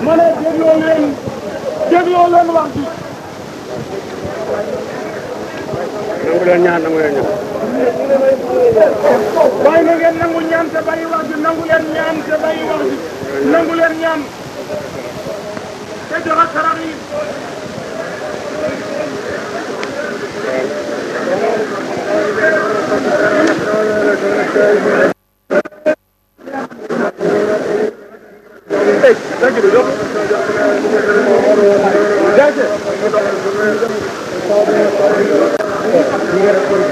ma ne dégloo leen wax ji. nangu leen ñaan nangu leen ñaan. waaye na ngeen nangu ñaan te bàyyi wax ji nangu ñaan te bàyyi wax ji nangu ñaan te joxe sarax yi.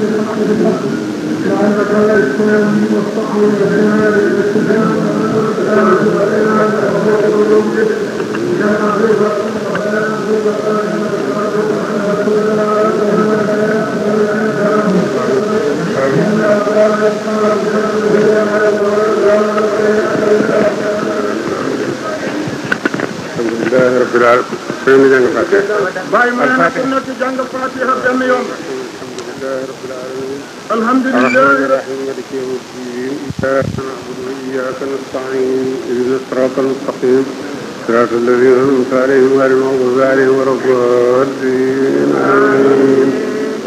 بالحق بالحق لعلك لا الاسلام والصحو والجمال والاستفهام لا يجوز علينا ان نقول العلوم به لا نعرف ولا نعرف الحمد لله رب العالمين. الفاتحة. رب العالمين الحمد لله الرحيم مالك يوم الدين إياك نعبد وإياك نستعين اهدنا الصراط المستقيم صراط الذين أنعمت عليهم غير المغضوب عليهم ولا الضالين آمين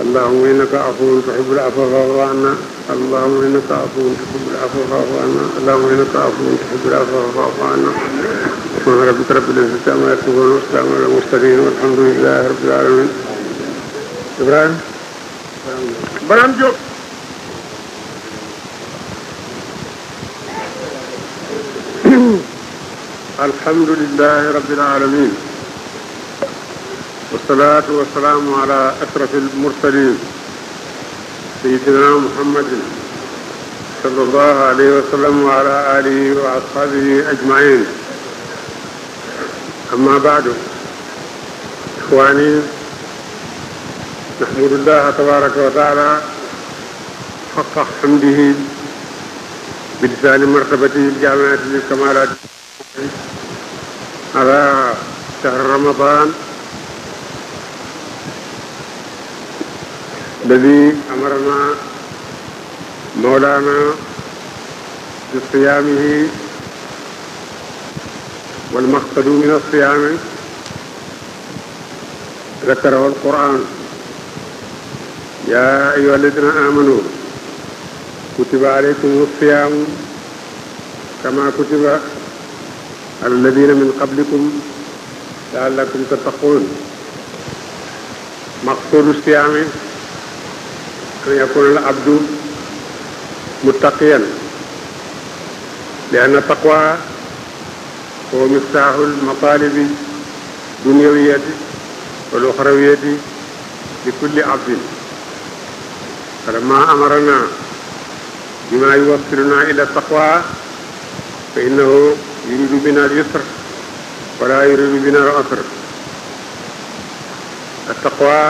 اللهم إنك عفو تحب العفو فاعف عنا اللهم إنك عفو تحب العفو فاعف عنا اللهم إنك عفو تحب العفو فاعف عنا سبحان ربك رب العزة عما يصفون وسلام على المرسلين والحمد لله رب العالمين إبراهيم Barham Diop alhamdulilahi rabbil alamin wasalaatu wasalaamu ala asrafi almursalin sayidina muhammadin sallallahu alayhi wa sallam wa ala alihi wa ashabihi ajmain amma baadu ixwaani نحمد الله تبارك وتعالى حق حمده بلسان مرتبته الجامعة للكمالات على شهر رمضان الذي أمرنا مولانا بصيامه والمقصد من الصيام ذكره القرآن yaa ayyuha alladina amanu kutiba alaykum siyaamu kama kutiba ala alladina min qablikum laallakum tattaquun maqsuudu siyaami an yakuna al abdu muttaqiyan li anna taqwa huwa miftaahu almataalibi dunyawiyati wal uxrawiyati li kulli abdin falamma amarana bima yuwassiluna ila taqwa fa innahu yuridu bina al yusr wala yuridu bina al usr التقوى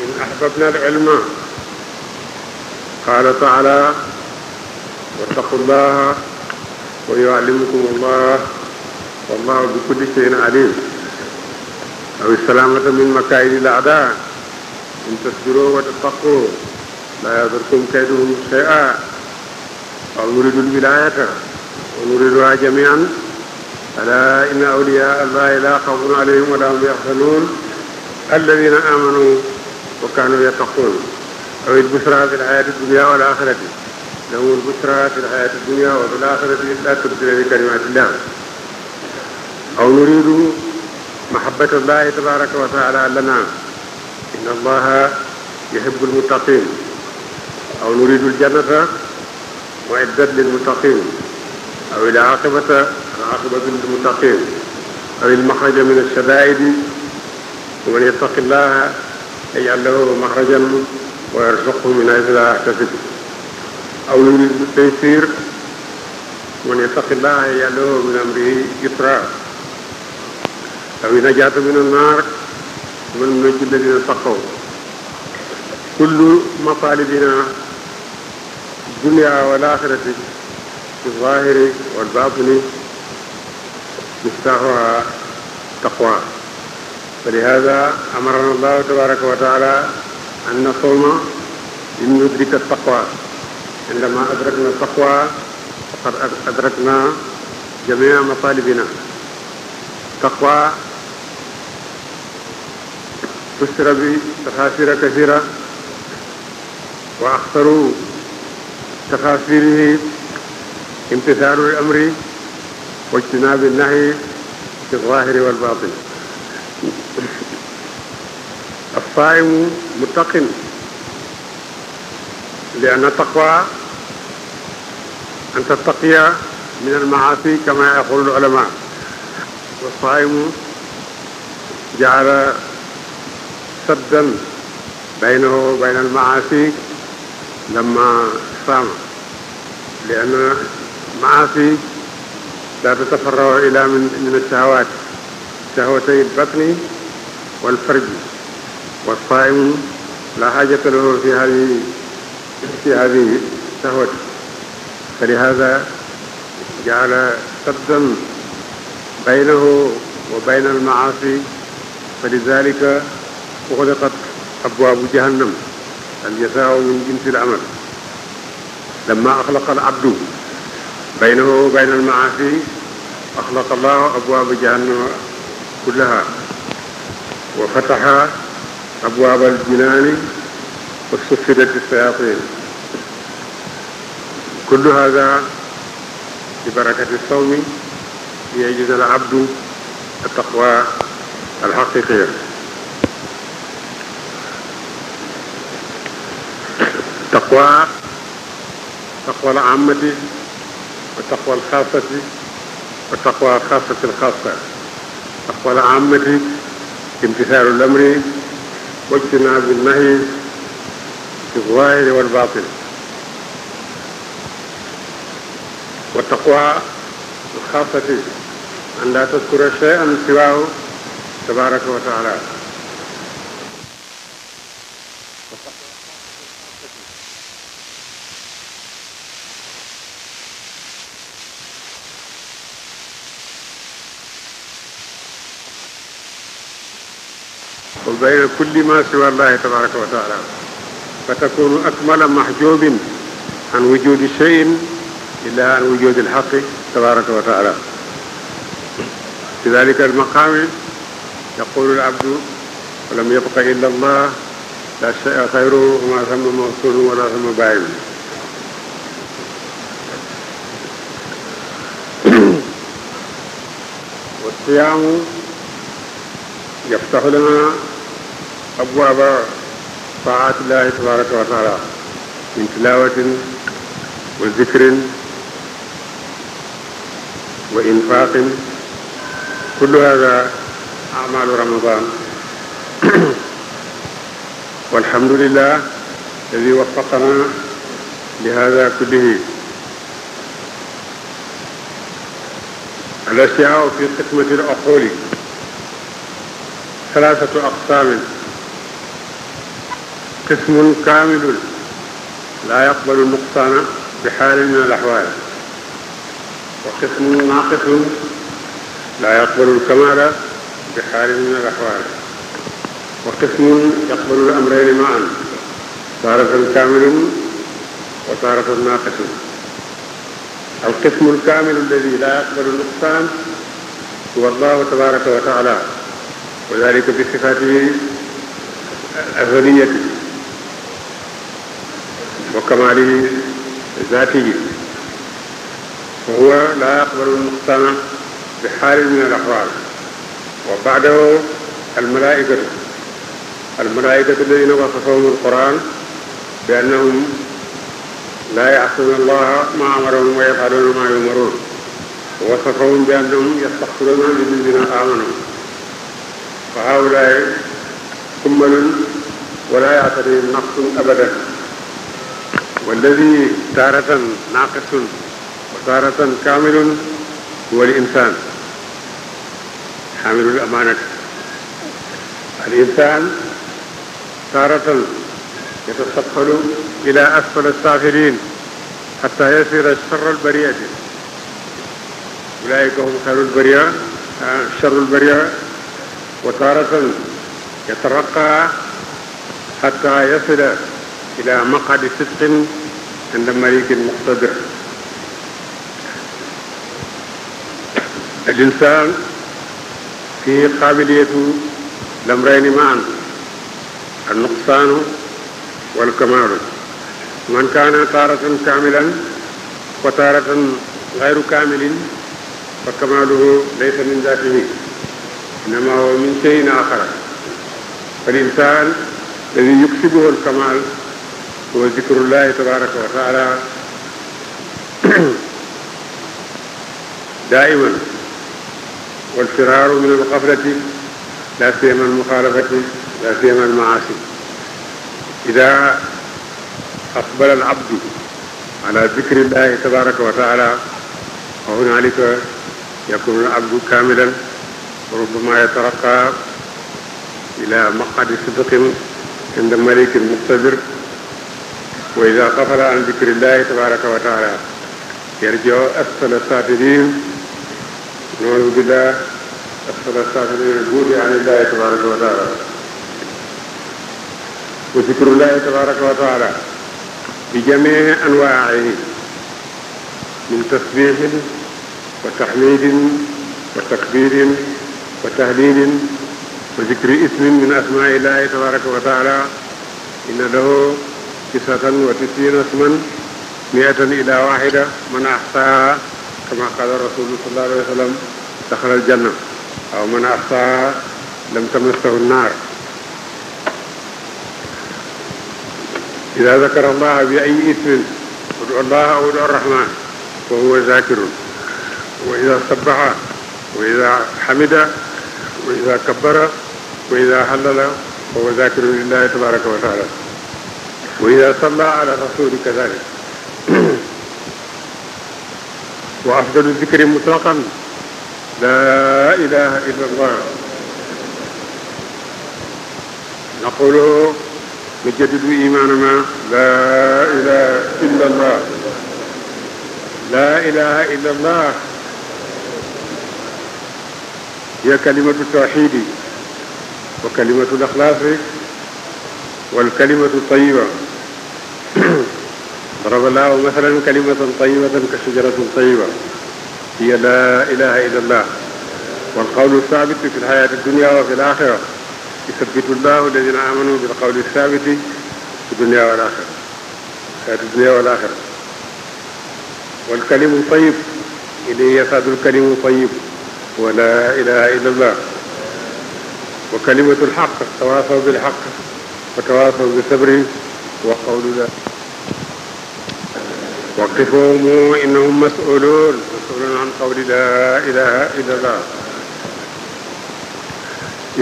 إن أحببنا العلم قال تعالى واتقوا الله ويعلمكم الله والله بكل شيء عليم أو السلامة من مكائد الأعداء in tasbiru wa tattaqu laa yadurkum kayduhum shay'an wa nuridu al-wilaayata wa nuriduhaa jamii'an alaa inna awliyaa Allaahi laa xawfun alayhim wa laa hum yahzanuun allaziina aamanuu wa kaanuu yattaquun aw al-bushraa fi al-hayaati ad-dunyaa wal aaxirati lahumul bushraa fi al-hayaati ad-dunyaa wa fi al-aaxirati laa tabdiila li kalimaatillaah aw nuriidu mahabbata Allaahi tabaaraka wa ta'aalaa lanaa inna allaha yuhibbul muttaqin aw nuridul jannata mu'iddat lil muttaqin aw il aqibata aqibatu lil muttaqin aw il maxraja min ash-shada'idi wa man yattaqi allaha yaj'al lahu maxrajan wa yarzuqhu min haythu la yahtasib aw nuridu taysir man yattaqi allaha yaj'al lahu min amrihi yusra aw najata min an-nar wal najji ladina taqaw kullu maqalibina dunya wal axirati fi zahiri wal batini miftaxuha taqwa ولهذا أمرنا الله تبارك وتعالى أن نصوم لندرك التقوى عندما أدركنا التقوى فقد أدركنا جميع مطالبنا التقوى تسر بتخاسر كثيرة وأخطر تخاسره امتثال الأمر واجتناب النهي في الظاهر والباطن الصائم متق لأن التقوى أن تتقي من المعاصي كما يقول العلماء والصائم جعل saddan baynahu wa bayna al-ma'asi لما صام لأن المعاصي لا تتفرع إلى من من الشهوات شهوتي البطن والفرج والصائم لا حاجة له في هذه في هذه الشهوة فلهذا جعل سدا بينه وبين المعاصي فلذلك wa xuliqat abwaabu jahannam al jasaau min jinsil amal lamma axlaqa al abdu baynahu wa bayna al maasi axlaqa allahu abwaaba jahannama kullaha wa fataha abwaaba al jinaani wa suffidat ash-shayaatiin kullu haadaa bi barakati sawmi liyajzia al abdu at-taqwa al-haqiiqiyya taqwa taqwa al amati wa taqwa al xaasati wa taqwa xaasati al xaasa taqwa al amati imtisaalu al amri wa ijtinaabu nahyi fi zaahiri wal baatin wa taqwa al xaasati an laa tadkura shay'an siwaahu tabaaraka wa taala bayna kulli ma siwa allahi tabaraka wa taala fa takunu akmala mahjubin an wujudi cheyin illa an wujudi alxaqi tabaraka wa taala fi dalika almaqaami yaqulu alabdu walam yabqa illa allah la chey xayru ma sama mawsulu wala sama bàyyim wa siyaamu yaftaxu lana abwaaba taatillahi tabaraka wa taala min tilawatin wa zikrin wa infaqin kullu hada amalu ramadan walhamdulillah alladi waffaqana li hada kullihi al asiyaa fi qismati al uquli ثلاثة أقسام qismun kaamilun laa yaqbalu nuqsaana bi xaalin min al axwaal wa qismun naaqisun laa yaqbalu lkamaala bi xaalin min al axwaal wa qismun yaqbalu l amrayni maan taaratan kaamilun wa taaratan naaqisun al qismu lkaamilu alladi laa yaqbalu nuqsaan huwa allahu tabaaraka wa taala wa dalika bi sifaatihi al azaliyati wa kamaali zaati wa huwa laa yaqbalu nuqsaana bi xaalin min al axwaal wa baadahu al malaaikatu al malaaikatu alladina wasafahum al quran bi annahum laa yaasuuna allaha ma amarahum wa yafaluuna ma yumaruun wasafahum bi annahum yastaxfiruuna lilladina aamanu fa haulaay kummalun wala yaatadihim naqsun abadan walladi taaratan naaqisun wa taaratan kaamilun huwa al insaan xaamilul amaanati al insaan taaratan yatasaffalu ila asfala saafiliin xataa yasira charra albariati ulaayika hum xayru lbaria charru lbaria wa taaratan yataraqa xataa yasila ila maqadi sidqin inda malikin muqtadir al insan fi qabiliyatu lamrayni maan al nuqsaanu wal kamaalu man kaana taaratan kaamilan wa taaratan gayru kaamilin fa kamaaluhu laysa min daatihi innama huwa min cheyin axara fal insan alladi yuksibuhu al kamaal wa zikrullahi tabaraka wa taala daa'iman wal firaaru min al gaflati laa siyama al muxaalafati laa siyama al maasi ida aqbala al abdu ala zikrillahi tabaraka wa taala fa hunaalika yakunu al abdu kaamilan ربما يترقى إلى مقعد صدق عند ملك مقتدر wa ida xafala an zikrillahi tabaraka wa taala yarjo asfala safirin noonu billah asfala safirin buudi anillahi tabaraka wa taala wa zikrullahi tabaraka wa taala bi jamii anwaihi min tasbihin wa tahmidin wa takbirin wa tahlilin wa zikri ismin min asmaillahi tabaraka wa taala inna lahu تسعة وتسعين اسما مئة إلى واحدة من أحصاها كما قال الرسول صلى الله عليه وسلم دخل الجنة أو من أحصاها لم تمسه النار إذا ذكر الله بأي اسم ادعو الله أو ادعو الرحمن وهو ذاكر وإذا سبح وإذا حمد وإذا كبر وإذا هلل وهو ذاكر لله تبارك وتعالى وإذا صلى على الرسول كذلك وأفضل الذكر مطلقا لا إله إلا الله نقوله نجدد إيماننا لا إله إلا الله لا إله إلا الله هي كلمة التوحيد وكلمة الإخلاص والكلمة الطيبة ضرب الله مثلا كلمة طيبة كشجرة طيبة هي لا إله إلا الله والقول الثابت في الحياة الدنيا وفي الآخرة يثبت الله الذين آمنوا بالقول الثابت في الدنيا والآخرة الحياة الدنيا والآخرة والكلم الطيب إليه يصعد الكلم الطيب ولا إله إلا الله وكلمة الحق تواصوا بالحق وتواصوا بالصبر wa qawluna waqifuhum innahum mas'ulun mas'ulun an qawli la ilaha illallah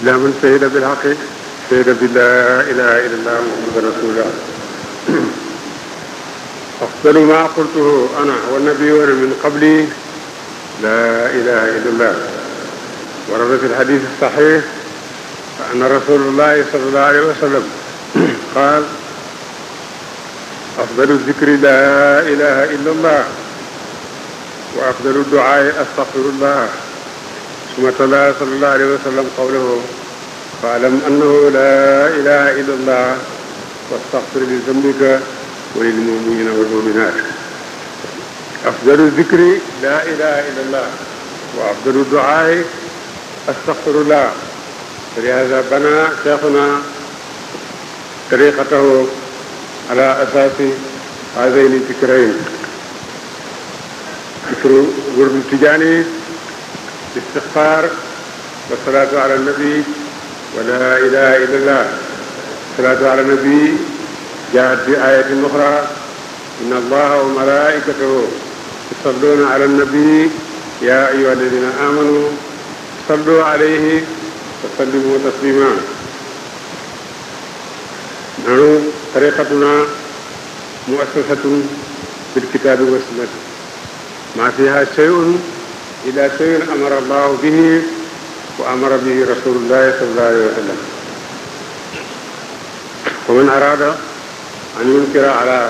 illa man shahida bilhaqi shahida bi la ilaha illallah muhammadan rasulullah أفضل ما قلته أنا والنبيون من قبلي لا إله إلا الله ورد في الحديث الصحيح أن رسول الله صلى الله عليه وسلم قال afdalu zikri laa ilaha illa allah wa afdalu duaai astahfirullah suma tala salallahu alayhi wa sallam qawlahu faalam annahu laa ilaha illa allah wastahfir li zambika wa lil muminina wal muminat afdalu zikri laa ilaha illa allah wa afdalu duaai astahfirullah falihada bana cheikhuna tariqatahu ala asaasi haazayni fikrayn fikru wërdu tijaani istixfaar wa salaatu ala nabi wa laa ilaha illa allah salaatu ala nabi jaat bi ayatin uxra inna allaha wa malaikatahu yusalluuna ala nabi ya ayuha alladina amanu sallu alayhi wa sallimu taslima noonu tariqatuna muassasatun bil kitaabi wa sunnati maa fiha shay'un ila shay'in amara allahu bihi wa amara bihi rasulullahi sallallahu alayhi wa sallam wa man arada an yunkira ala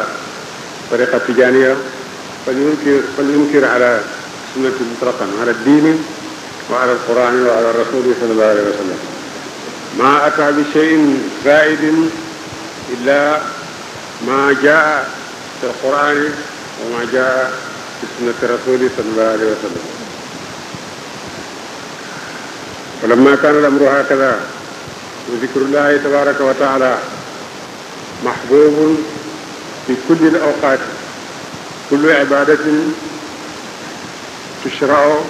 tariqa tijaniya fal yunkir fal yunkir ala sunnati mutlaqan ala diini wa ala alqurani wa ala rasuli sallallahu alayhi wa sallam ma ata bi shay'in zaidin illa ma jaa fi alqurani wa ma jaa fi sunnati rasuli sallallahu alayhi wa sallam wa lamma kana al-amru hakada wa zikrullahi tabaraka wa taala mahbubun fi kulli al-awqat kullu ibadatin tushra'u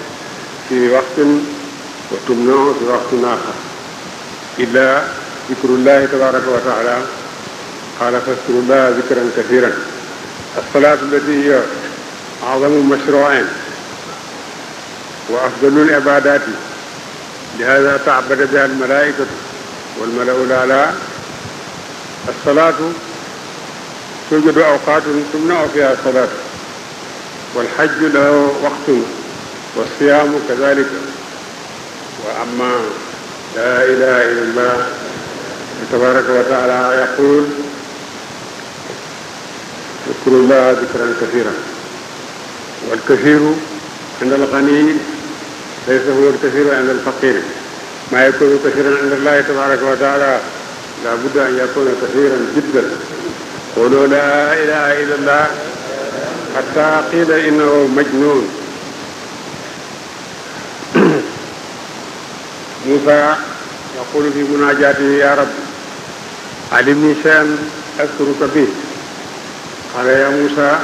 fi waqtin wa tumna'u fi waqtin akhar illa zikrullahi tabaraka wa taala qaala fazkurullah zikran kathiran alsalaatu allati hiya azamu mashruin wa afdalu libadati lihada taabada biha almalaikatu walmalau lala alsalaatu توجد أوقات تمنع فيها الصلاة والحج له وقت والصيام كذلك وأما لا إله إلا الله تبارك وتعالى يقول واذكروا الله ذكرا كثيرا والكثير عند الغني ليس هو الكثير عند الفقير ما يكون كثيرا عند الله تبارك وتعالى لا بد أن يكون كثيرا جدا قولوا لا إله إلا الله حتى قيل إنه مجنون موسى يقول في مناجاته يا رب علمني شيئا أذكرك به قال يا موسى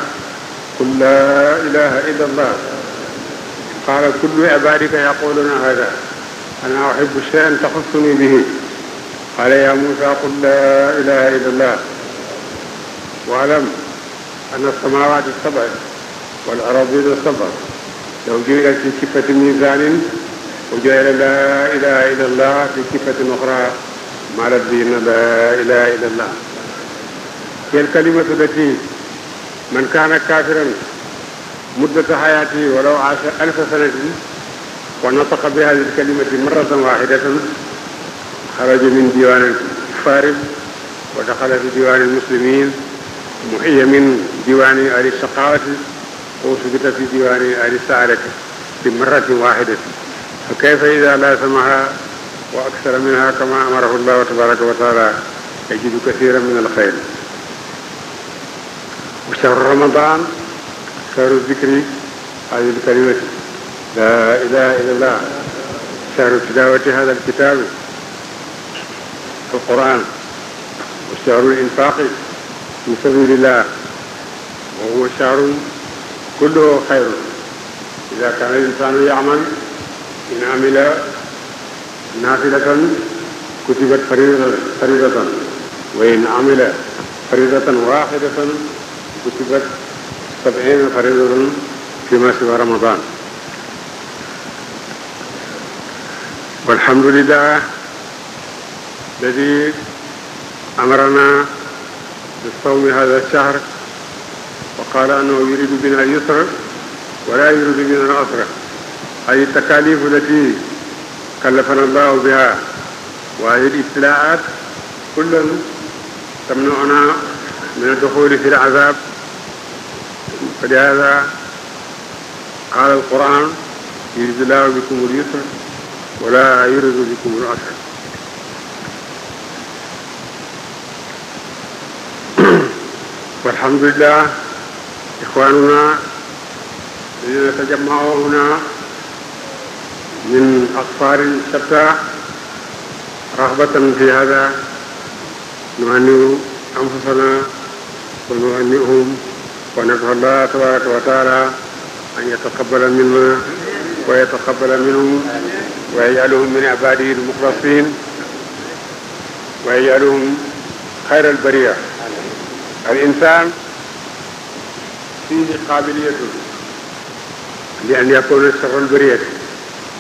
قل لا إله إلا الله قال كل عبادك يقولون هذا أنا أحب شيئا تخصني به قال يا موسى قل لا إله إلا الله واعلم أن السماوات السبع والأراضين السبع لو جعلت في كفة ميزان وجعل لا إله إلا الله في كفة أخرى ما الدين لا إله إلا الله هي الكلمة التي man kaana kaafiran muddata xayaati walaw aasha alfa sanatin wa nataqa bi hadihi kalimati marratan waxidatan xaraja min diwaani faarib wa daxala fi diwaani muslimin muxiya min diwaani ahli saqaawati wa subita fi diwaani ahli saadati bi marratin waxidatin fa kayfa ida laasamaha wa aksara minha kama amarahu llahu tabaraka wa taala yajidu kasiran min alxayr وشهر رمضان شهر الذكر هذه الكلمة لا إله إلا الله شهر تلاوة هذا الكتاب القرآن وشهر الإنفاق في سبيل الله وهو شهر كله خير إذا كان الإنسان يعمل إن عمل نافلة كتبت فريضة, فريضة وإن عمل فريضة واحدة kutibat sab'iina fariidatan fiimaa siwaa ramadaan walhamdu lillaah allazii amaranaa bisawmi haazaa ash-shahr wa qaala annahu yuriidu binaa al-yusra wa laa yuriidu binaa al-'usra ay at-takaaliif allatii kallafanaa Allaahu bihaa wa ay al-ibtilaa'aat kullan tamna'unaa min ad-duxuuli fi al-'azaab فلهذا قال القرآن يريد الله بكم اليسر ولا يريد بكم العسر والحمد لله إخواننا الذين تجمعوا هنا من أقطار شتى رغبة في هذا نهنئ أنفسنا ونهنئهم ونسأل الله تبارك وتعالى أن يتقبل منا ويتقبل منهم ويجعلهم من عباده المخلصين ويجعلهم خير البرية الإنسان فيه قابلية لأن يكون شر البرية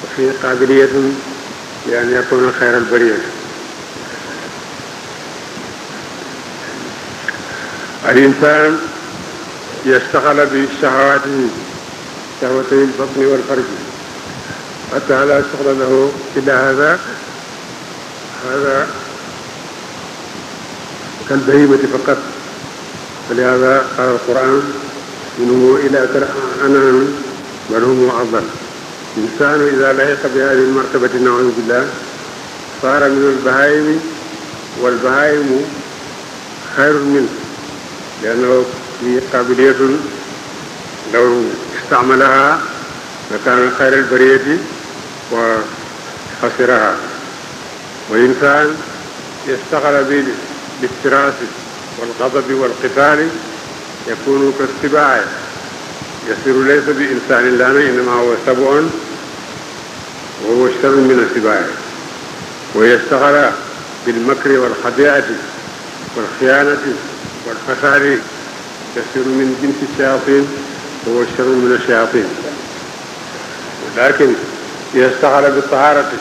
وفيه قابلية لأن يكون خير البرية الإنسان yastaxala bi shahawaatihi shahwatay lbatni wal farji xataa laa soxla lahu illa hada hada kal bahimati faqat ولهذا قال القرآن منه إلى أنعام بل هم أضل الإنسان إذا لحق بهذه المرتبة نعوذ بالله صار من البهائم والبهائم خير منه لأنه هي قابلية لو استعملها لكان خير البرية وخسرها وإنسان يشتغل بالافتراس والغضب والقتال يكون كالسباع يصير ليس بإنسان لنا إنما هو سبع وهو شر من السباع ويشتغل بالمكر والخديعة والخيانة والفساد كثير من جنس الشياطين هو الشر من الشياطين لكن إذا اشتغل بالطهارة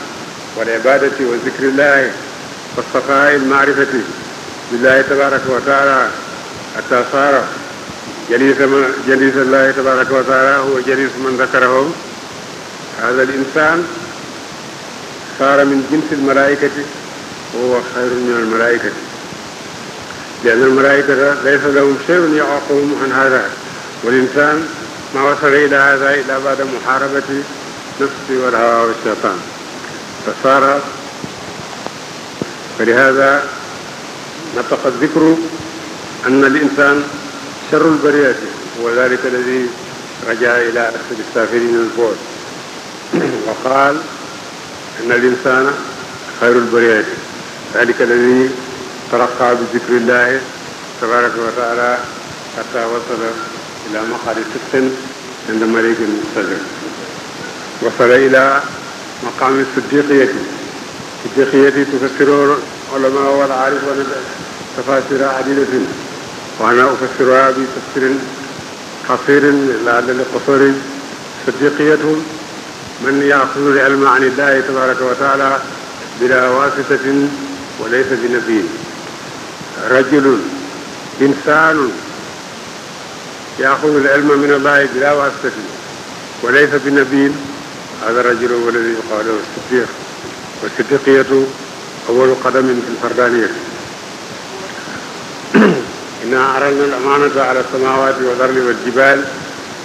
والعبادة وذكر الله واصطفاء المعرفة بالله تبارك وتعالى حتى صار جليس من جليس الله تبارك وتعالى هو جليس من ذكره هذا الإنسان صار من جنس الملائكة وهو خير من الملائكة لأن الملائكة ليس لهم شيء يعوقهم عن هذا والإنسان ما وصل إلى هذا إلا بعد محاربة نفسه والهوى والشيطان فصار فلهذا نطق الذكر أن الإنسان شر البرية وذلك الذي رجع إلى أسفل السافلين البعد وقال أن الإنسان خير البرية ذلك الذي taraqa bi zikrillahi tabaraka wa taala xata wasala ila maqaadi sittin inda malikin muqtadir wasala ila maqaami siddiqiyati siddiqiyati tufassiro ulama wal aarifuna tafasira adidatin wa ana ufassiruha bi tafsirin qasirin laalla li qusuri siddiqiyatu man yaxudu l ilma an illahi tabaraka wa taala bila wasitatin wa laysa bi nabiyin rajulun insanun yaaxudul ilma min allahi bila wasitati wa laysa bi nabiyin hada rajulun waladi yuqaalu siddiq wa siddiqiyatu awalu qadamin fi lfardaniyati inna aralna alamanata ala alsamawati wal ardi wal jibal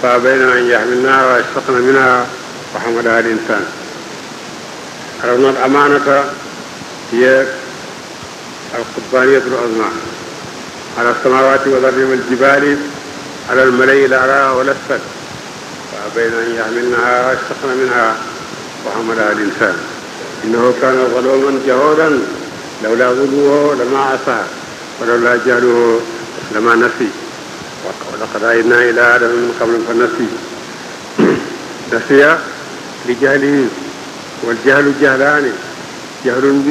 fa abayna an yaxmilnaha wa ashfaqna minha wa xamalaha al insan aralna alamanata hiya القبانية العظمى على السماوات والأرض والجبال على الملأ الأعلى والأسفل وأبين أن يحملنها واشفقن منها وحملها الإنسان إنه كان ظلوما جهولا لولا ظلمه لما عصى ولولا جهله لما نسي ولقد عيدنا إلى آدم من قبل فنسي نسي لجهله والجهل جهلان جهل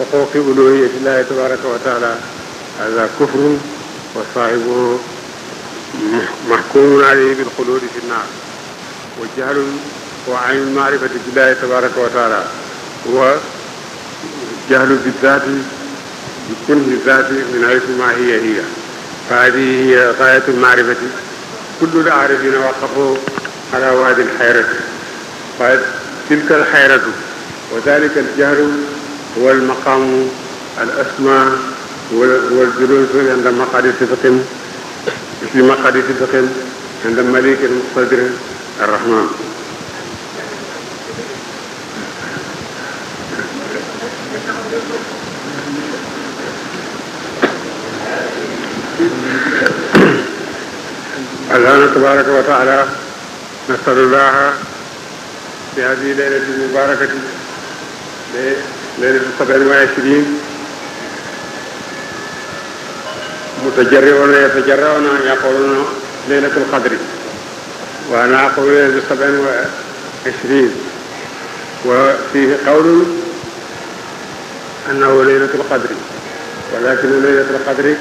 وفوق ألوهية الله تبارك وتعالى هذا كفر وصاحبه محكوم عليه بالخلود في النار وجهل وعن المعرفة بالله تبارك وتعالى وجهل بالذات بكنه الذات من حيث ما هي هي فهذه هي غاية المعرفة كل العارفين وقفوا على وادي الحيرة فتلك الحيرة وذلك الجهل هو المقام الأسمى والجلوس عند مقعد صدق في مقعد صدق عند المليك المقتدر الرحمن الآن تبارك وتعالى نسأل الله في هذه الليلة المباركة laylatul qadr wa ishriin mutajarri'uuna yatajarra'uuna an yaquuluuna laylatul qadri wa ana aquulu laylatul sab'i wa ishriin wa fiihi qawlun annahu laylatul qadri walaakin laylatul qadri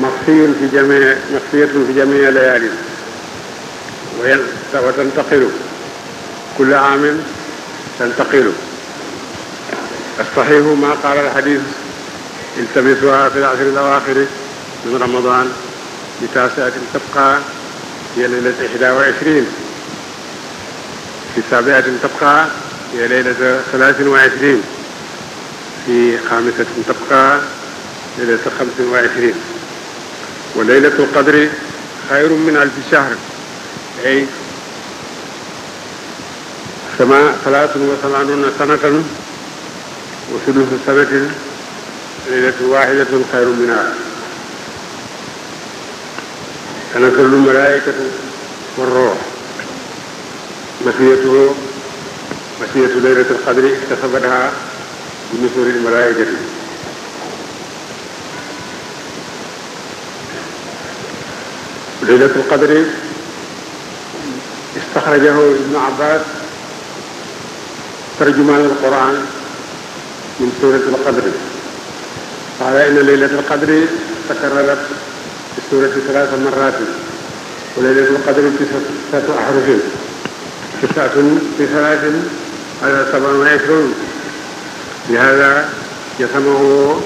maxfiyyun fi jamii maxfiyyatun fi jamii layaali wa tantaqilu kulla aamin tantaqilu الصحيح ما قال الحديث التمسوها في العشر الأواخر من رمضان بتاسعة تبقى هي ليلة إحدى وعشرين في سابعة تبقى هي ليلة ثلاث وعشرين في خامسة تبقى ليلة خمس وعشرين وليلة القدر خير من ألف شهر أي سماء ثلاث وثمانون سنة wa sulusu sabatin laylatu wahidatun xayru min naar tanazzalu malaikatu wa ruux masiyatu masiyatu laylatul qadri iktasabatha bi nusuril malaikati laylatul qadri istaxrajahu ibnu abbas tarjumaan alquran min suratul qadri qaala inna laylatal qadri takarrarat fi surati salaasa marratin wa laylatul qadri tisatu ahrufin tisatun fi salaatin ala sab'in wa ishrun lihada yasamahu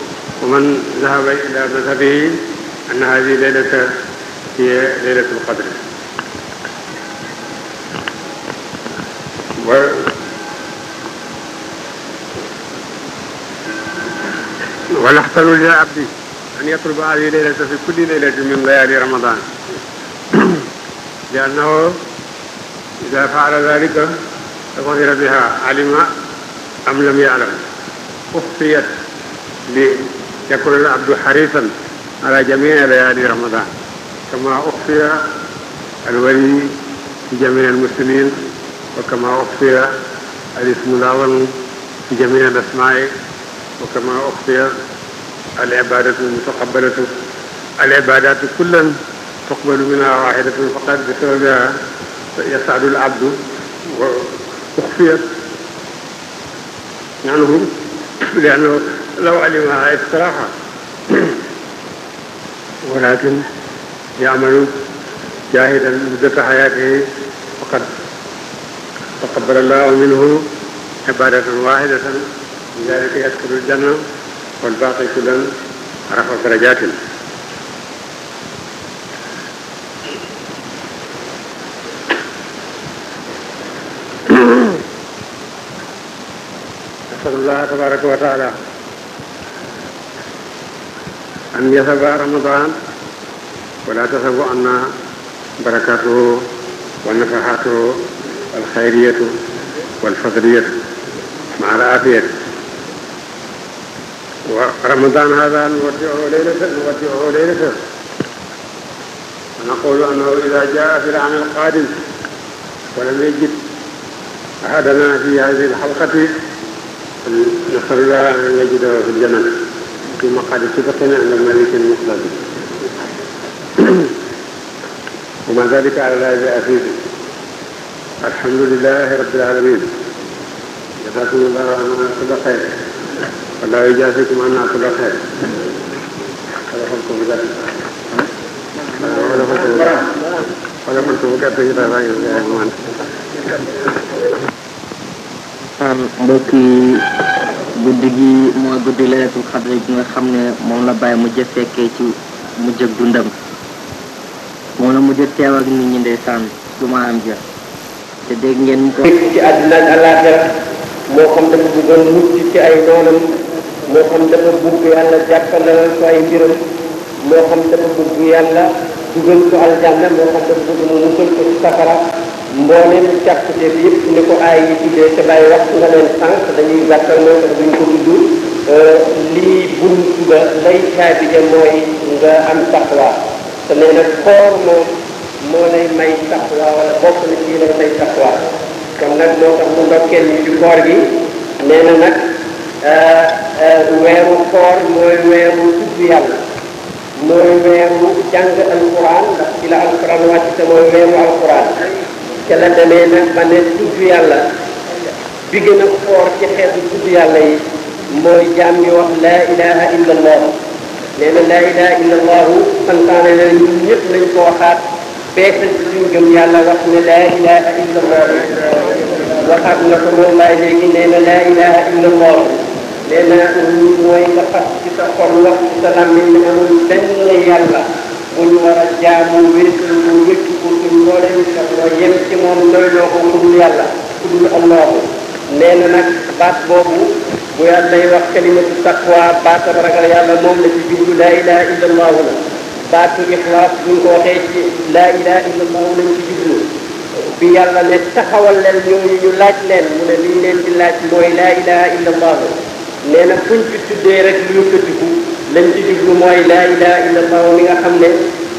wa man dahaba ila mazhabihi anna hadihi laylata hiya laylatul qadri wala xtalul ya abdi an yatluba abi laylata fi kulli laylati min layali ramadan liannahu ida faala dalika taxadira biha alima am lam yaalam uxfiyat li yakuna al abdu xarisan ala jamii layali ramadan kama uxfiya alwali fi jamii almuslimin wa kama uxfiya alismu lawal fi jamii alasmaai wa kama uxtiya al ibadatu mutaqabalatu al ibadatu kullan tuqbalu minha wahidatun faqad bi sababiha yasadu al abdu wa uxfiyat anhu لأنه لو علمها استراحة ولكن يعمل جاهدا مدة حياته فقد تقبل الله منه عبادة واحدة zalika yadxulul janna wal baaxi kulan rafa darajaatin asalullah tabaraka wa taala an yasaba ramadan wala tasabu anna barakatuhu wa nafahatuhu wal xayriyatu wal fadliyatu maa al aafiyatu ورمضان هذا نودعه ليلة نودعه ليلة ونقول أنه إذا جاء في العام القادم ولم يجد أحدنا في هذه الحلقة نسأل الله أن يجده في الجنة في مقعد صدق عند الملك المقتدر وما ذلك على الله بأثير الحمد لله رب العالمين جزاكم الله عنا كل خير wallaahi jaase ci maanaam la xeet wala guddi gi mooy guddi laylatul xadri xam ne moom la bàyyi mu fekkee ci mu dundam moom la mujj teew ak nit ñi ndeysaan du am ja te dégg ngeen mu ko moo xam dafa moo xam dafa bëgg yàlla jàppalewal ko ay mbiram moo xam dafa bëgg yàlla dugal ko aljanna moo xam dafa bëgg mu musal ko ci safara mbooleem càkkute bi yëpp ni ko aay yi tuddee te bàyyi wax nga leen sànq dañuy gàttal moo tax duñ ko tudd euh, lii buntu ba lay caabi ja mooy nga am taqwa te nee na moom moo lay may taqwa wala bokk na ci la may taqwa kon nag moo tax mu ndokkeel ñu ci gi nee nag Eh, eh, weeru koor mooy weeru tudd yàlla mooy weeru jàng alquran ndax ci la alquran wàcc te mooy weeru alquran ca la demee nag ba ne tudd yàlla bi gën a foor ci xeetu tudd yàlla yi mooy jaam wax laa ilaha illa allah nee na laa ilaha lañ koo xaat beesal ci suñu yàlla wax ne laa ilaha illa allah waxaat na ko moom laay léegi nee na laa ilaha illa allah nee naa ñun mooy nga fas ci sa xol wax ci sa làmmiñ ne amul benn yàlla bu ñu war a jaamu wéetal mu wékk ko suñ loolee ñu def loo yem ci moom doyloo ko ku dul yàlla ku dul allahu nee na nag baat boobu bu yàllay wax kalimatu taqwa baatam ragal yàlla moom la ci jublu laa ilaha illa allahu la baatu ixlaas buñ ko waxee ci laa ilaha illa allahu lañ ci jublu bi yàlla ne taxawal leen ñooñu ñu laaj leen mu ne liñ leen di laaj mooy laa ilaha illa allahu nee na fuñ ci tuddee rek lu yëkkatiku lañ ci jublu mooy laa ilaha illa allah mi nga xam ne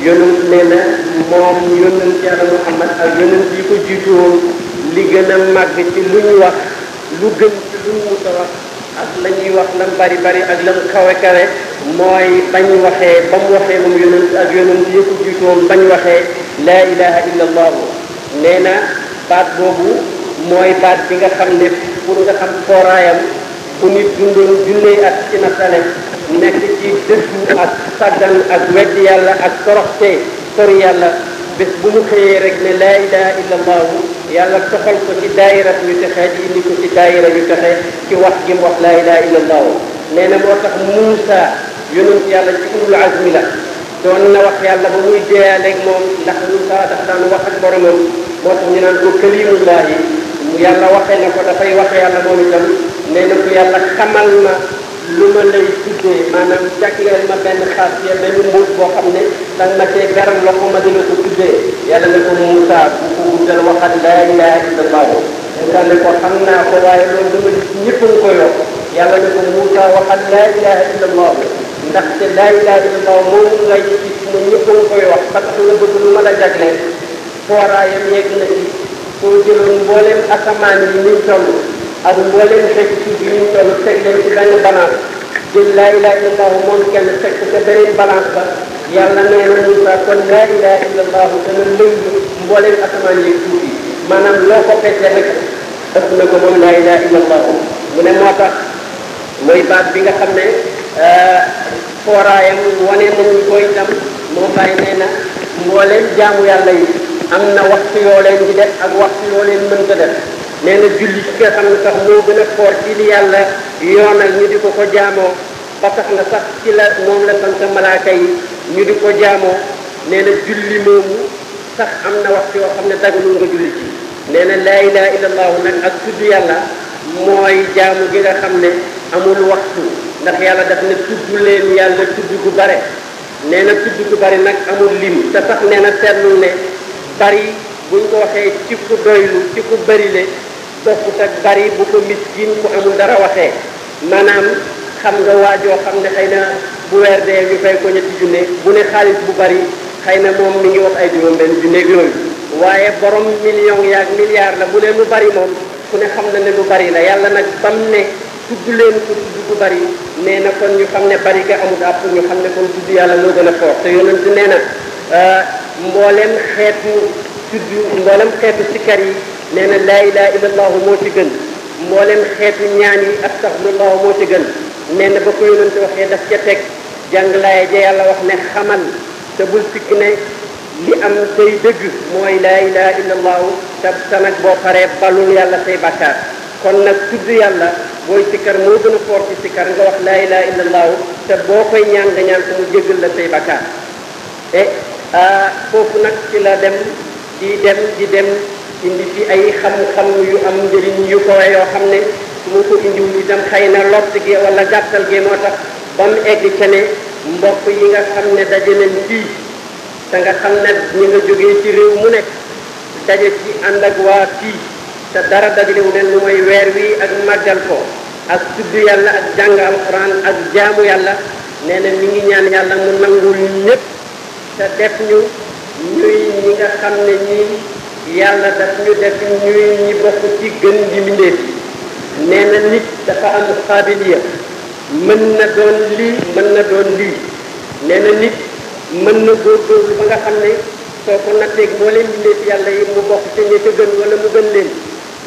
yonent nee na moom yonent yàlla muhammad ak yonent yi ko jiitu li gën a màgg ci lu ñu wax lu gën ci lu mu ta wax ak la ñuy wax lam bari bari ak lam kawe kawe mooy bañ waxee ba mu waxee moom yonent ak yonent yi ko jiitu bañ waxee laa ilaha illa allahu nee na baat boobu mooy baat bi nga xam ne pour nga xam tooraayam ku nit dundoon junneey at ci masale nekk ci dëddu ak sàggan ak weddi yàlla ak toroxte sori yàlla bés bu mu xëyee rek ne laa ilaha illa allahu yàlla toxal ko ci daayira yu texe di indi ko ci daayira yu texe ci wax gi mu wax laa ilaha illa allahu nee na moo Muusa yonent yàlla ci ulul azmi la na wax yàlla ba muy deeyaaleeg moom ndax Muusa dafa daan wax ak boromam moo tax ñu naan ko kalimullahi yàlla waxee na ko dafay waxe yàlla moom itam nee na ko yàlla xamal ma lu ma lay tuddee maanaam jagleel ma benn xaas ya benn mbuut boo xam ne dang ma bu ko guddal laa ilaaha illallah Moussa ne ko xam a laa ilaaha illallah moom ngay gis mu ñëpp a koy wax parce que la lu ma la jagleel fooraayam yegg na ci moo jëloon mbooleem asamaan yi niñ ak mbooleem xeet suuf yi niñ toll teg leen ci benn balance laa ilaha illa allahu moom kenn teg ko beneen balance ba yàlla nee na Moussa kon laa ilaha illa laa mu ne moo tax mooy baat bi nga xam ne euh, fooraayam wane nañu koy tam moo bàyyi nee na jaamu yàlla yi am na waxtu yoo leen di def ak waxtu yoo leen mënta def nee julli ci nga xam ne sax moo gën a foor ci li yàlla yoonal ñu di ko ko jaamoo ba tax na sax ci la moom la sant malaaka yi ñu di ko jaamoo nee na julli moomu sax am na waxtu yoo xam ne dagalul nga julli ci nee na laa ilaha illallahu nag ak tudd yàlla mooy jaamu gi nga xam ne amul waxtu ndax yàlla daf ne tudd leen yàlla tudd gu bare nee na tudd bu bare nag amul lim te sax nee na seetlu ne bari buñ ko waxee ci ku doylu ci ku bërile bokkut ak bari bu ko miskin ku amul dara waxee maanaam xam nga waajoo xam ne xëy na bu weer dee ñu fay ko ñetti junne bu ne xaalis bu bari xëy na moom mi ngi wax ay juróom benn junne yooyu waaye borom million yaag milliard la bu ne lu bari moom ku ne xam na ne lu bari la yàlla nag bam ne tudd leen ko tudd bu bari nee na kon ñu xam ne bari ga amul àpp ñu xam ne kon tudd yàlla moo gën a fort te yonent nee na euh, mboolem xeetu tudd mboolem xeetu sikkar yi nee na laa ilaha illallah moo ci gën mboolem xeetu ñaan yi astaghfirullah moo ci gën nee na ba ko yonent waxee daf ca teg jànglaay ja yàlla wax ne xamal te bul sikk ne li am tey dëgg mooy laa ilaha illallah te sa nag boo paree balul yàlla say bàkkaar kon nag tudd yàlla booy sikkar moo gën a foor ci nga wax laa ilaha illa te boo koy ñaan nga ñaan ko mu jéggal la say bakkaar te foofu nag ci la dem di dem di dem indi fi ay xam-xam yu am njëriñ yu ko yoo xam ne su ma ko indiwul dem xay na lott gi wala gàttal gi moo tax ba mu egg ca ne yi nga xam ne daje nañ fii te xam ne ñi nga jógee ci réew mu nekk daje ci ànd ak waa fii te dara dajalewu leen lu mooy weer wi ak màggal ko ak tudd yàlla ak jàng alxuraan ak jaamu yàlla nee na mi ngi ñaan yàlla mu nangul ñépp te def ñu ñuy ñi nga xam ne ñii yàlla daf ñu def ñuy ñi bokk ci gën di mbindeef yi nee na nit dafa am xaabiliya mën na doon lii mën na doon lii nee na nit mën na góorgóorlu ba nga xam ne soo ko natteeg moo leen mbindeef yàlla yi mu bokk te ña ca gën wala mu gën leen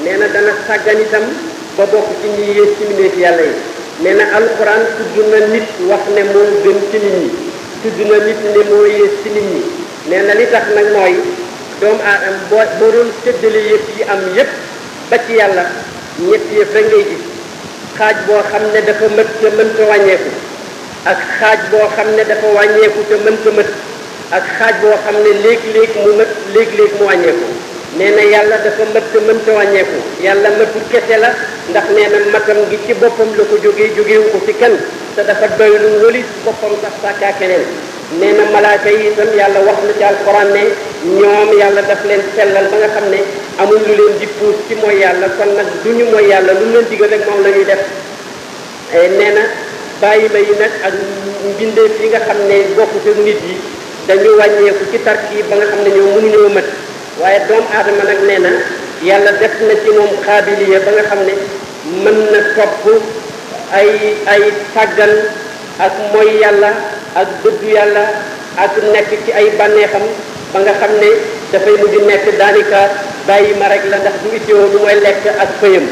nee na dana sàggan ba bokk ci ñi yées ci mbindeef yàlla yi nee na alxuraan tudd na nit wax ne moo gën ci nit ñi tudd na nit ne moo yées ci nit ñi nee na li tax nag mooy doomu aadama boo boo doon séddale yëpp yi am yëpp ba ci yàlla ñett yëpp rek ngay gis xaaj boo xam ne dafa mët te mënta wàññeeku ak xaaj boo xam ne dafa wàññeeku te mënta mët ak xaaj boo xam ne léeg-léeg mu mët léeg-léeg mu wàññeeku nee na yàlla dafa mëtt mënta wàññeeku yàlla mëttu kese la ndax nee na matam gi ci boppam la ko jógee jógewu ko fi kenn te dafa doylu wëlis boppam sax sàkkaa keneen nee na malaaka yi itam yàlla wax na ci alxuraan ne ñoom yàlla daf leen sellal ba nga xam ne amul lu leen di puus ci mooy yàlla kon nag du ñu mooy yàlla lu leen digal rek moom la ñuy def eh, nee na bàyyi ma yi nag ak mbindeef yi nga xam ne bokk ci nit yi dañu wàññeeku ci tarki ba nga xam ne ñoom mënuñoo mët waaye doomu aadama nag nee na yàlla def na ci moom xaabiliya ba nga xam ne mën na topp ay ay tàggal ak mooy yàlla ak dëddu yàlla ak nekk ci ay bànneexam ba nga xam ne dafay mujj nekk daanaka bàyyi ma rek la ndax du ittoo lu mooy lekk ak fëyam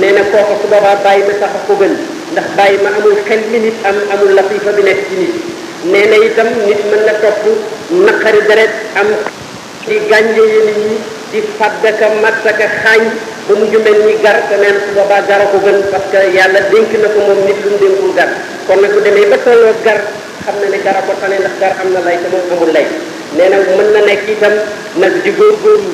nee na kooku su boobaa bàyyi ma sax a ko gën ndax bàyyi ma amul xel mi nit am amul latifa bi nekk ci nit nee na itam nit mën na topp naqari deret am di gànje yéen yi di fàddaka mattaka xaañ ba mu jumel ni gar te nee na su gara ko gën parce que yàlla dénk na ko moom nit lu mu dénkul gar kon nag ko demee ba tolloo xam na ne gara ko tane ndax gar am na lay te moom amul lay nee na mën na nekk itam nag di góorgóorlu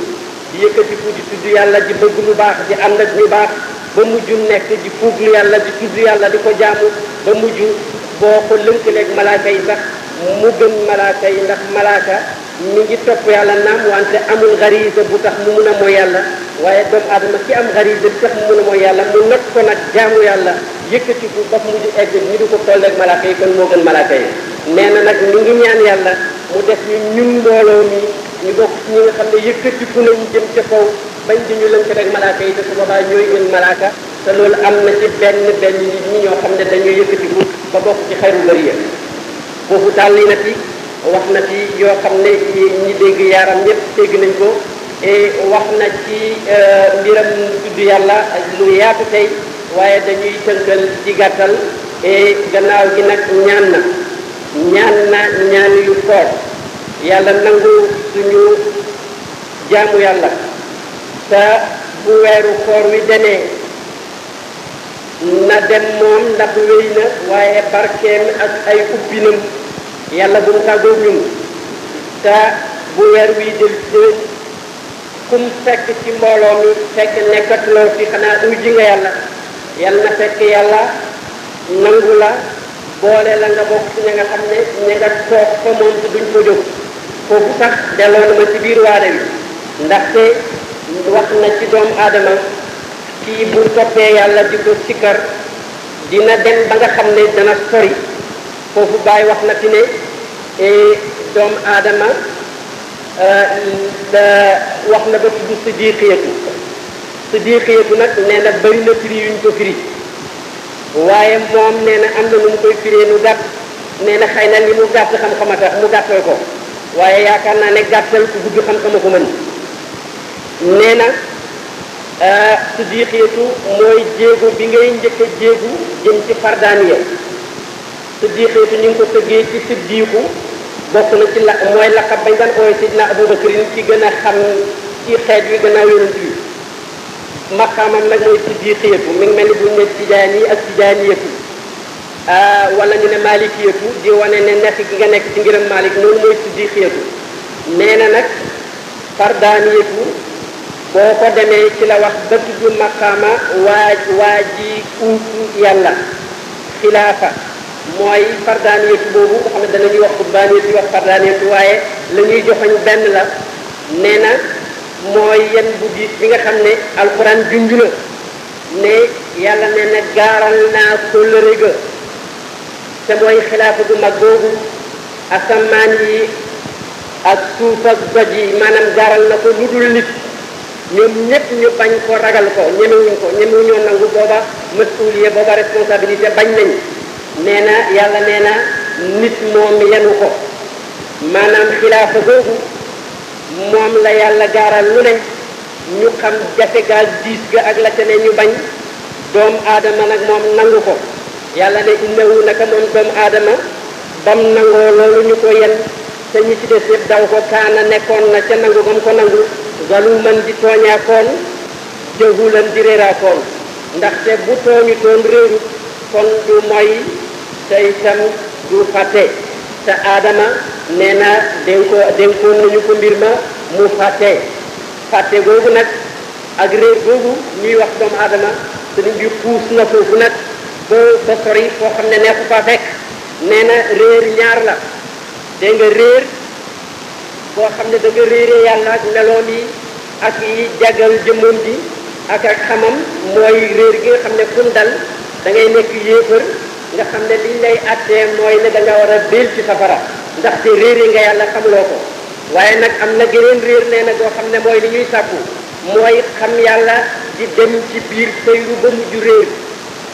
di yëkkatiku di tudd yàlla ji bëgg lu baax ji am ak ñu baax ba mujj nekk di fuuglu yàlla di tudd yàlla di ko jaamu ba mujj boo ko lënkaleeg malaaka yi sax mu gën malaaka yi ndax malaaka ñu ngi topp yàlla naam wante amul xarisa bu tax mu mun a mooy yàlla waaye doomu aadama ci am xarisa bu tax mu mun a mooy yàlla mu not ko nag jaamu yàlla yëkkati ba mu di egg ñu di ko tolleeg malaaka yi kon moo na nag ñu ngi ñaan yàlla mu def ñu ñun mbooloo mi ñu bokk ci jëm ca kaw bañ yi am na ci benn benn nit ñi ñoo xam ne wax na ci yoo xam ne ñi dégg yaaram yépp dégg nañ ko wax na ci euh, mbiram tudd yàlla lu yaatu tey waaye dañuy tënkal ci gàttal et gannaaw gi nag ñaan na ñaan yu foor yàlla nangu suñu jaamu yàlla te bu weeru koor wi denee na dem moom ndax wéy na waaye barkeem ak ay ubbinam yàlla bu mu tàggoog ñun te bu weer wii del déwén kum fekk ci mbooloo mi fekk nekkatuloo fi xanaa uy ji nga yàlla yàlla na fekk yàlla nangu la boole la nga bokk ci ña nga xam ne ña toog fa moom si duñ ko foofu sax delloo na ma ci biir waare bi ndaxte wax na ci doomu aadama kii bu toppee yàlla di ko sikkar dina dem ba nga xam ne dana sori foofu Baye wax na fi ne eh, doomu aadama eh, wax na ba tudd siddiqiyatu siddiqiyatu nag nee na bëri na firi yuñ ko firi waaye moom nee na am na nu mu koy firee nu gàtt nee na xëy na li mu gàtt xam-xam a tax mu gàttal ko waaye yaakaar naa ne gàttal ku gudd xam-xam a ko mën nee na eh, siddiqiyatu mooy jéego bi ngay njëkk a jéegu jëm ci fardaaniya siddiqeetu ñu ngi ko tëggee ci siddiqu bokk na ci la mooy laqab bañ daan ooye sidna abubakarin ci gën a xam ci xeet wi gannaaw yonent bi maqaamam nag mel ni buñ ne tijaan yi ak ah, ñu ne malikiyatu di wane ne nekk ki nga nekk ci ngiram malik noonu mooy siddiqeetu nee na nag fardaaniyatu boo ko demee ci la wax ba tudd maqaama waaj waa ji uutu yàlla xilaafa mooy fardaaniyatu boobu nga xam ne danañuy wax qurbaaniyatu wax fardaaniyatu waaye la ñuy joxoñ benn la nee na mooy yan bu diis bi nga xam ne alxuraan junj la ne yàlla nee na gaaral naa kóllëre ga te mooy xilaafa gu mag boobu asamaan yi ak suuf ak doj yi maanaam gaaral na ko lu dul nit ñoom ñëpp ñu bañ ko ragal ko ñemewuñ ko ñemewuñoo nangu booba masuuliye booba responsabilité bañ nañ nee na yàlla nee na nit moom yenu ko maanaam xilaafa googu moom la yàlla gaaral lu ne ñu xam jafe gaal diis ga ak la ca ne ñu bañ doomu aadama nag moom nangu ko yàlla ne innahu naka moom doomu aadama bam nangoo loolu ñu ko yen te ci des yëpp daw ko kaana nekkoon na ca nangu gam ko nangu zaluman di tooñaakoon jahulan di réeraakoon ndaxte bu tooñu réeru kon du mooy te itam du fàtte te aadama nee na dénko dénkoon nañu ko mbir ma mu fàtte fàtte googu nag ak réer googu ñuy wax doomu aadama sëriñ bi puus na foofu nag ba sori foo xam ne nee ko fa fekk nee na réer ñaar la dégg nga réer boo xam ne da nga réeree yàlla ak meloom yi ak yi jagal jëmmam ak ak xamam mooy réer gi nga xam ne fu dal da ngay nekk yéefar nga xam ne liñ lay attee mooy ne da nga war a déel ci safara ndaxte réer yi nga yàlla xamloo ko waaye nag am na geneen réer nee na goo xam ne mooy li ñuy sàkku mooy xam yàlla di dem ci biir sayru ba mujj réer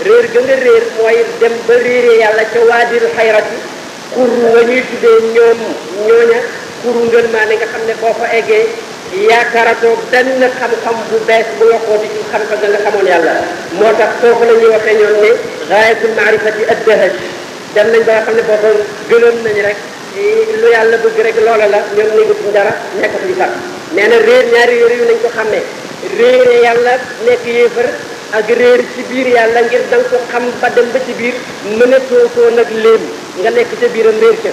réer ga réer mooy dem ba réeree yàlla ca waadir xayrati xur wa ñuy tuddee ñoom ñooña kuru ngën maa ne nga xam ne boo fa eggee yaakaaratoo benn xam-xam bu bees bu yokkooti ci xam-xam da nga xamoon yàlla moo tax foofu la ñuy waxee ñoon ne gaayatul maarifati addahaj dem nañ ba nga xam ne boo ko gënoon rek lu yàlla bëgg rek loola la ñoom néegatuñ dara nekkatuñ sax nee na réer ñaari réew nañ ko xàmmee réere yàlla nekk yéefar ak réer ci biir yàlla ngir da ko xam ba dem ba ci biir mënatoo koo nag léem nga nekk ca biiram réer ca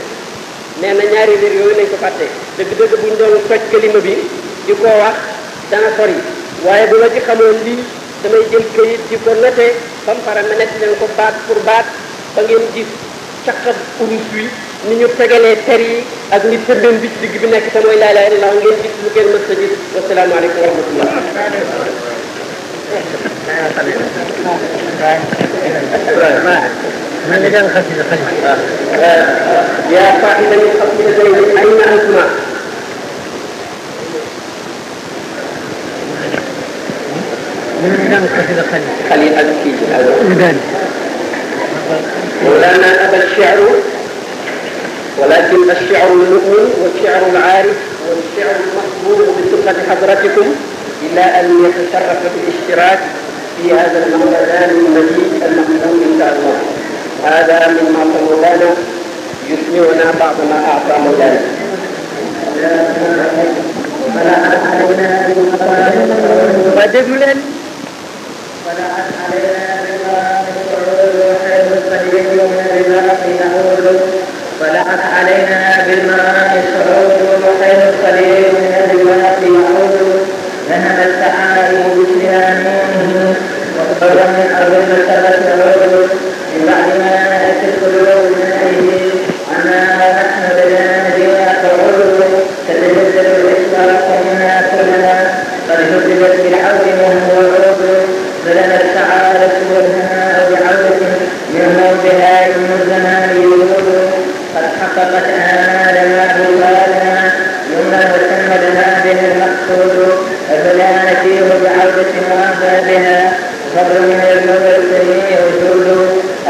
nee na ñaari réer yooyu lañ ko fàtte dëgg-dëgg ñu doon toj kalima bi di ko wax dana yi waaye bu ma ci xamoon lii damay jël këyit di ko note ba mu pare ma nekk leen ko baat pour baat ba ngeen gis caqab urus wi ni ñu tegalee ter yi ak ni tëddeen bi ci digg bi nekk te mooy laa ilaaha ngeen gis lu ngeen mës a gis wasalaamaaleykum wa rahmatullah من كان خفيف خفيف يا صاحب الخفيفتين أين أنتما؟ من كان خفيف خليل خليل أبكي هذا مولانا أبى الشعر ولكن الشعر المؤمن والشعر العارف والشعر المقبول بثقة حضرتكم إلا أن يتصرف بالاشتراك في هذا المولدان المجيد المحمود إن شاء الله هذا مما مولانا يسمعنا بعض ما أعطى مولانا وجد لنا فلعت علينا بالماء السرور وجعل من أرض الكرة عروض من بعد ما أتت القلوب من أيديهم وما نحن بجانبها فعروض تتجدد الإشراق منا كلنا قد كذبت بالعود وهم وعروض فلنا السعادة والهناء بعودة منهم بها من الزمان يولد قد حققت آمالنا أولادنا يمنى وتم بها به المقصود فلا نسير بعودة وأبى بها نذر من النذر السيء الجود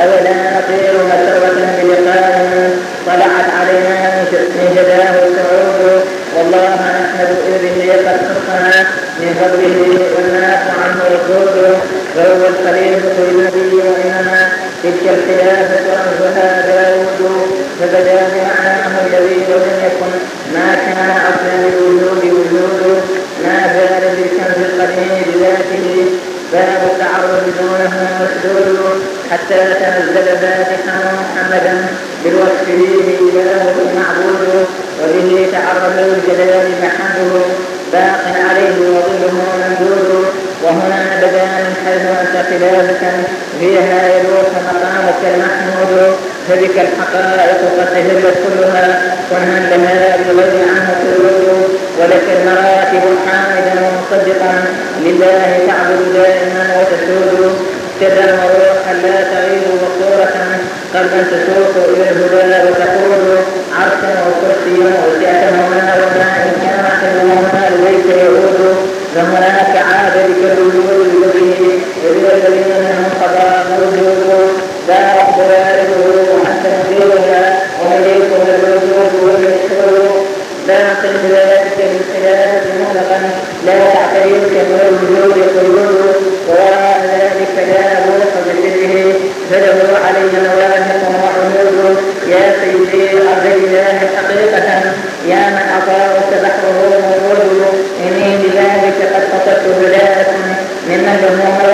أبدا نطير مسرة بلقاء طلعت علينا من جداه السعود والله نحمد به قد خصنا من فضله والناس عنه يقول فهو الخليفة النبي وإنما تلك الخلافة أنفها لا وجود فبدا بمعناه الذي ولم يكن ما كان أصلا للوجود وجوده ما زال بالكنز القديم بذاته باب التعرض دون دونه حتى تنزل فاتحا محمدا بالوصف به إله معبود وبه تعرض الجلال محمده باق عليه وظله ممدود وهنا بدا من حيث أنت خلافة فيها يلوح مقامك المحمود تلك الحقائق قد تجلت كلها وانهل لها بغير عنها الوجوه ولك المراتب حامدا ومصدقا لله تعبد دائما وتسود سرا وروحا لا تغيب مقصورة قلبا تسوق الى الهدى وتقول عرشا وكرسيا وسعته كثير الوجود يقولون وراء ذلك كلام فبسره فله عليه مواهب وعيوب يا سيدي الله حقيقة يا من أطاعك بحره موجود إني بذلك قد قصدت بلاد ممن هموم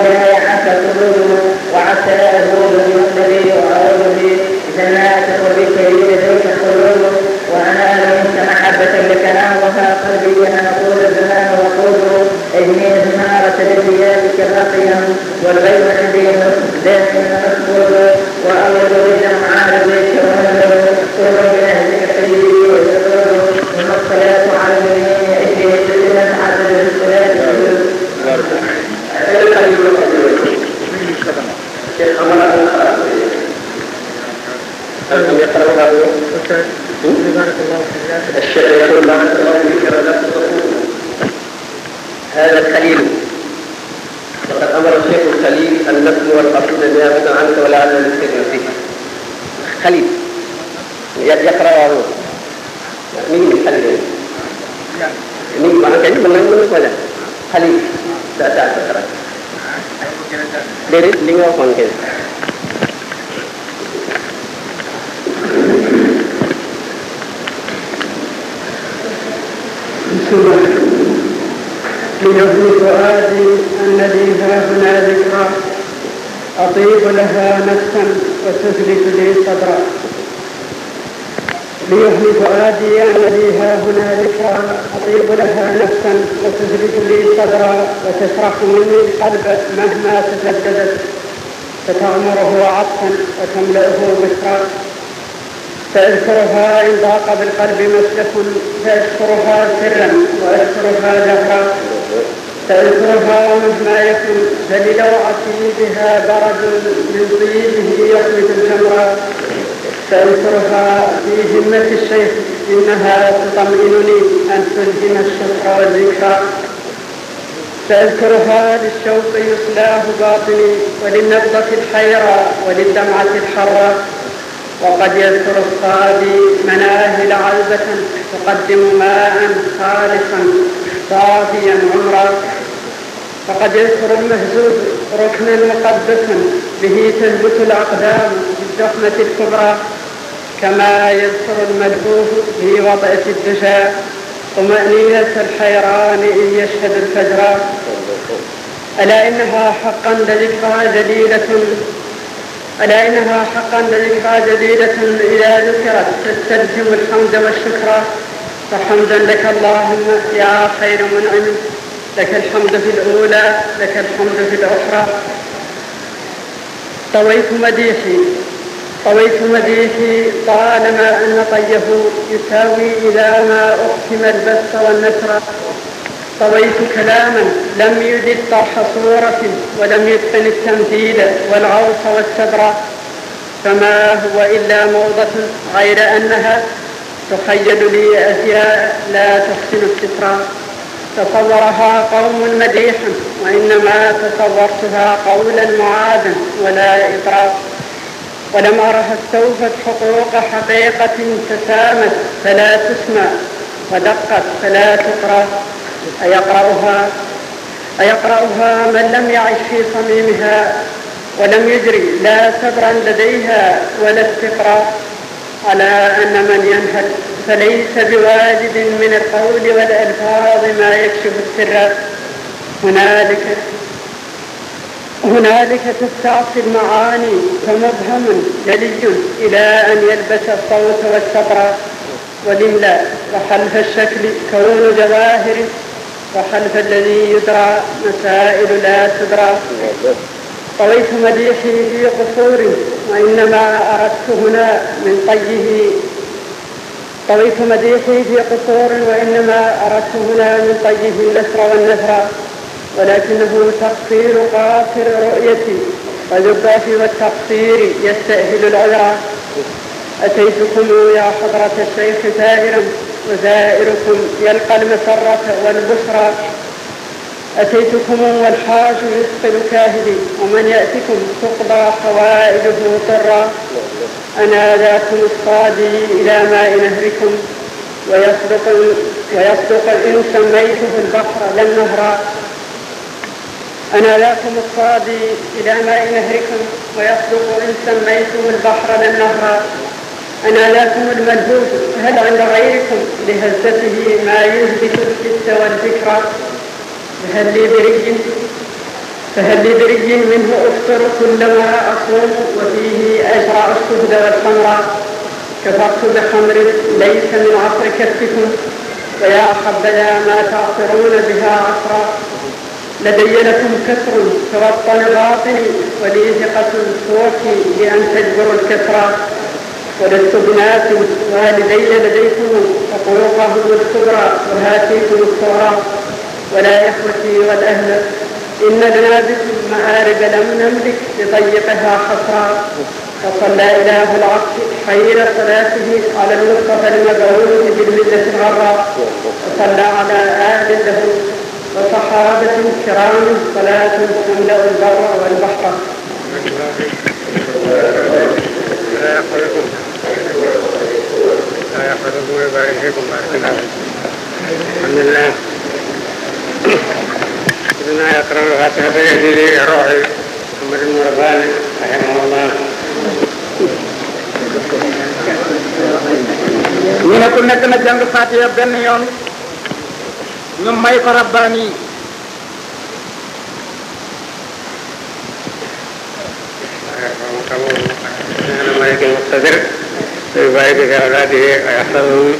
لها نفسا وتزرج لي صدرا وتشرح مني القلب مهما تسددت فتعمره عطفا وتملأه بشرا فأذكرها إن ضاق بالقلب مسلك فأذكرها سرا وأذكرها جهرا فأذكرها مهما يكن فللوعتي بها برد من طيبه يخلف الجمرة فأذكرها في همة الشيخ إنها تطمئنني أن تلهم الشفع والذكرى فأذكرها للشوق يصلاه باطني وللنبضة الحيرة وللدمعة الحرة وقد يذكر الصادي مناهل عذبة تقدم ماء خالصا صافيا عمرا فقد يذكر المهزوز ركنا مقدسا به تثبت الأقدام بالزحمة الكبرى كما يذكر الملهوف في وضع الدشا طمأنينة الحيران إن يشهد الفجر ألا إنها حقا لذكرى جليلة ألا إنها حقا لذكرى جليلة إذا ذكرت تستلزم الحمد والشكر فحمدا لك اللهم يا خير منعم لك الحمد في الأولى لك الحمد في الأخرى طويت مديحي طويت مجلسي طالما أن طيه يساوي إلى ما أقسم البسط والنشر طويت كلاما لم يجد طرح صورة ولم يتقن التمثيل والعرف والسبر فما هو إلا موضة غير أنها تخيل لي أشياء لا تحسن السترا تصورها قوم مديحا وإنما تصورتها قولا معادا ولا إطراق ولمهرها استوفت حقوق حقيقة تسامت فلا تسمع ودقت فلا تقرأ أيقرأها أيقرأها من لم يعش في صميمها ولم يجري لا صبرا لديها ولا استقراء على أن من ينهل فليس بواجد من القول والألفاظ ما يكشف السر هنالك هنالك تستعصي المعاني فمبهم جلي إلى أن يلبس الصوت والسطر والإملاء وحلف الشكل كون جواهر وحلف الذي يدرى مسائل لا تدرى طويت مديحي في قصور وإنما أردت هنا من طيه طويت مديحي في قصور وإنما أردت هنا من طيه النسر والنثر ولكنه تقصير قاصر رؤيتي واللباس والتقصير يستأهل العذر أتيتكم يا حضرة الشيخ زائرا وزائركم يلقى المسرة والبشرى أتيتكم والحاج يثقل كاهدي ومن يأتكم تقضى حوائجه مضطرا أنا ذاكم الصادي إلى ماء نهركم ويصدق, ويصدق إن سميته البحر لا النهر أنالاكم الصادي إلى ماء نهركم ويصدق إن سميتم البحر نهرا أنالاكم المنهوج هل عند غيركم لهزته ما يهبط الجد والذكرى فهل لي بري فهل لي بري منه أفطر كلما أصوم وفيه أجرع الشهد والخمر كفرت بخمر ليس من عصر كفكم ويا أحبنا ما تعصرون بها عصرا لدي لكم كسر توطن باطن ولي ثقة صوت لأن تجبر الكسرى ولست بناس والدي لديكم وقلوبهم الكبرى وهاتيكم الصغرى ولا إخوتي والأهل إن لنا بكم مآرب لم نملك لضيقها حصرا وصلى إله العرش خير صلاته على المصطفى المبعوث بالملة الغراء وصلى على آل له وصحابة كرام صلاة تملأ البر والبحر لا يحفظكم لا يحفظكم ويبارك فيكم بارك الله الحمد لله سيدنا يقرأ الفاتحة يهدي روحي عمر بن رباني رحمه الله ñu ne ku nekk na jàng Fatiha benn yoon ñu may ko rabbaani yi مالك المقتدر ويبارك في أولاده ويحفظهم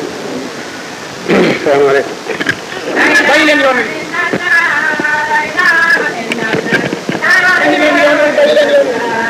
السلام عليكم بين اليوم بين اليوم بين اليوم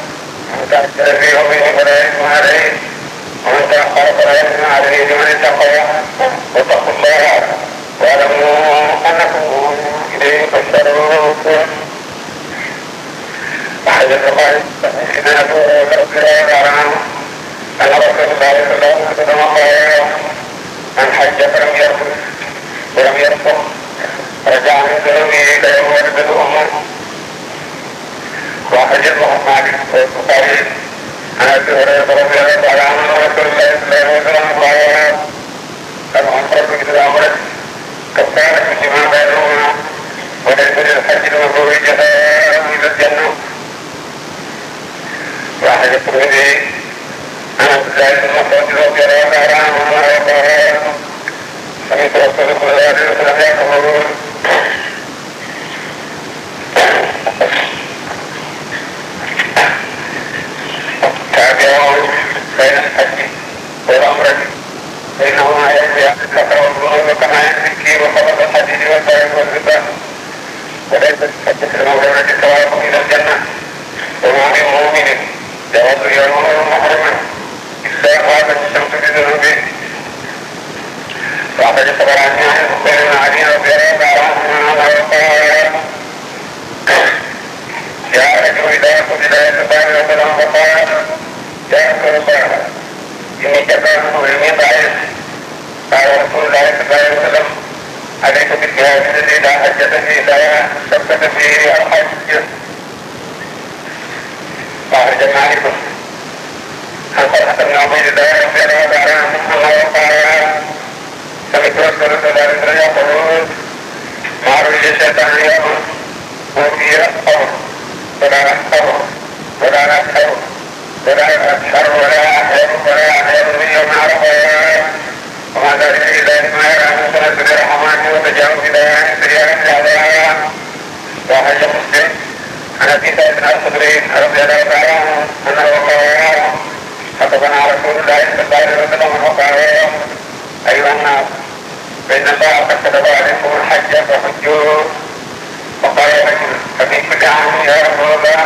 الذي هو من إبراهيم عليه ومن خلق العلم عليه لمن اتقى واتقوا الله واعلموا أنكم إليه تحشرون أحد الفقهاء سمعت رسول عنه أن رسول الله صلى الله عليه وسلم قال من حج فلم يرفض ولم يرفض رجع من ذنوبه فيوم يرفضه وحجر محمد البخاري عن ابي هريره رضي الله تعالى عنه ان رسول الله صلى الله عليه وسلم قال قد امرت مثل امرك كفاره لما بينهما وليس للحج المبرور جزاء الى الجنه وحديث الترمذي عن عبد الله بن مسعود رضي الله تعالى عنه قال سمعت رسول الله صلى الله عليه وسلم يقول بين الحج والعمرة بينهما يجريان الذكر والأنثى كما يجري وخلق الحديد والبيع والربا وليس الحج في المغرب سواء إلى الجنة وما من مؤمن يرد يوما محرما إلا غابت الشمس بذنوبه وقد تبرعني عن الخير مع دين ربي يا رجل إذا كنت لا يتبعني وقد أنبقى Bayangkara ini Jakarta sebelumnya baik Bayang Pulau Bayang Selam ada ketika sendiri dan ada sendiri saya sampai ke Al-Hajj Bahar Jamal itu Al-Quran Nabi di dalam daerah daerah Pulau Bayang Kami terus terus dari saya terus Baru di setan lihat Bukti Allah Saudara Allah Saudara Allah ولا يسحر ولا أحلم ولا أحلم إلا ما عرفه وما ذلك إلا ما يرى مسند برحمته وتجاوز إلى سريان الأعداء وحج مسلم عن أبي سعيد بن الخدري رضي الله تعالى عنه أنه قال خطبنا رسول الله صلى الله عليه وسلم وقال أيها الناس فإن الله قد كتب عليكم الحج فحجوه وقال رجل ففي كل عام يا رسول الله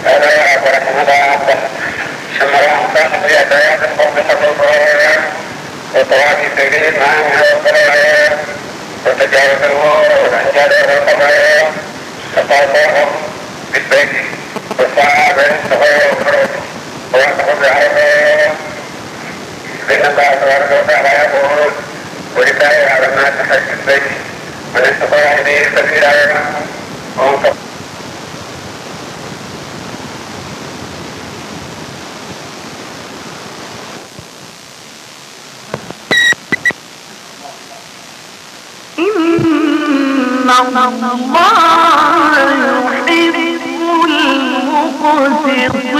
ولله على الناس حج البيت من استطاع اليه سبيلا ومن إن الله يحب المقسطين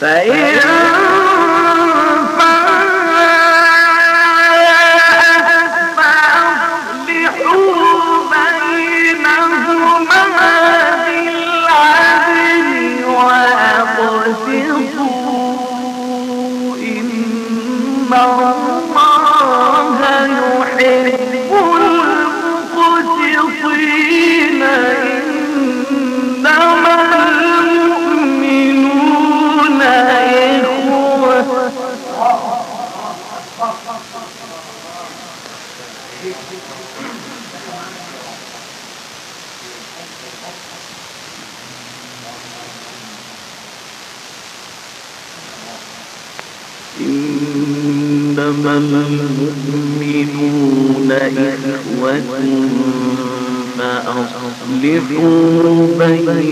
فإذا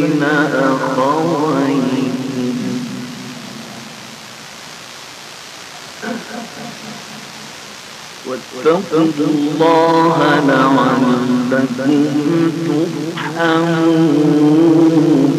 واتقوا الله لعلكم ترحمون